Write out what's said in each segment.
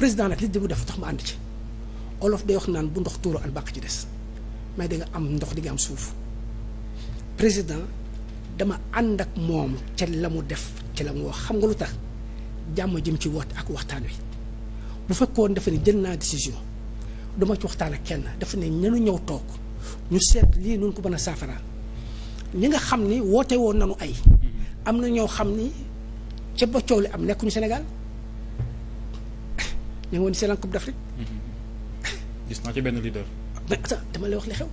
président nag li bu mu def tax ma ànd ci olof day wax naan bu ndox tuuru al bàq ci des mais di nga am ndox di nga am suuf président dama ànd ak moom ca la mu def ca la mu wax xam nga lu tax jàmm jëm ci woote ak waxtaan wi bu fekkoon dafa ne jël naa décision duma ci waxtaan ak kenn dafa ne ñenu ñëw toog ñu seet lii nun ko mën a saafara ñi nga xam ni woote woon nanu ay mm-hmm. am na ñoo xam ni ca ba li am nekkuñu Sénégal ñu ngi woon ci lan Coupe mm-hmm. ci benn leader. mais dama lay wax li xew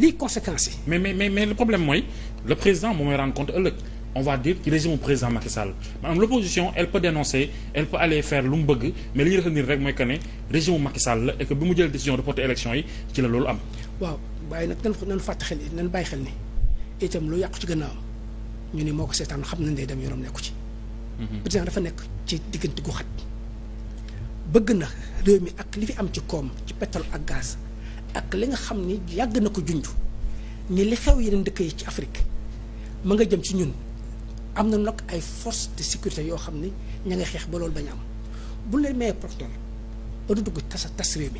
lii conséquences yi. mais mais mais le problème mooy le président moom mooy rendre ëllëg on va dire ci régime président Macky Sall maanaam l' opposition elle peut dénoncer elle peut rek mooy que ne régime Macky Sall la et que bi mu jël décision reporter élection yi ci la loolu am. waaw waaye nag nan nan fàtte xel nan bàyyi xel ni itam lu yàqu ci gànnaawam ñu ne moo ko seetaan xam nañ day dem yoonam nekku ci. Mm-hmm. président dafa nekk ci diggante gu xat. bëgg na réew mi ak li fi am ci koom ci pétrole ak gaz ak li nga xam ni yàgg na ko junj ni li xew yeneen dëkk yi ci Afrique ma nga jëm ci ñun am na nag ay force de sécurité yoo xam ni ña nga xeex ba loolu bañ am bu leen mayee protocole ba du dugg tasa tas réew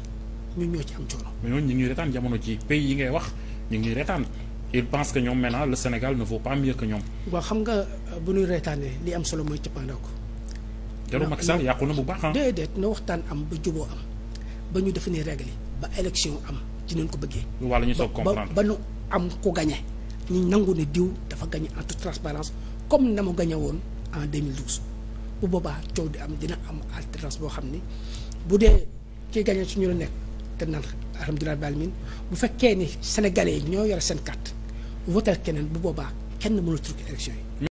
mi ñun ñoo ci am coono. mais ñooñu ñu ngi retaan jamono ci pays yi ngay wax ñu ngi retaan il pense que ñoom maintenant le Sénégal ne vaut pas mieux que ñoom. waaw xam nga bu ñuy reetaanee li am solo mooy cappaandaw ko. teru Macky Sall yàqu na bu baax ah. déedéet na waxtaan am ba juboo am ba ñu defe ni règle ba élection am ci nañ ko bëggee wala ñu soog comprendre ba nu am ko gañe ñu nangu ne diw dafa gañe en toute transparence comme na mu gañe woon en 2012 bu boobaa coow di am dina am alternance boo xam ni bu dee ci gañe ci ñu la nekk te naan alhamdulilah bi alamin bu fekkee ni sénégalais yi ñoo yore seen carte votel keneen bu boobaa kenn mënul truc élection yi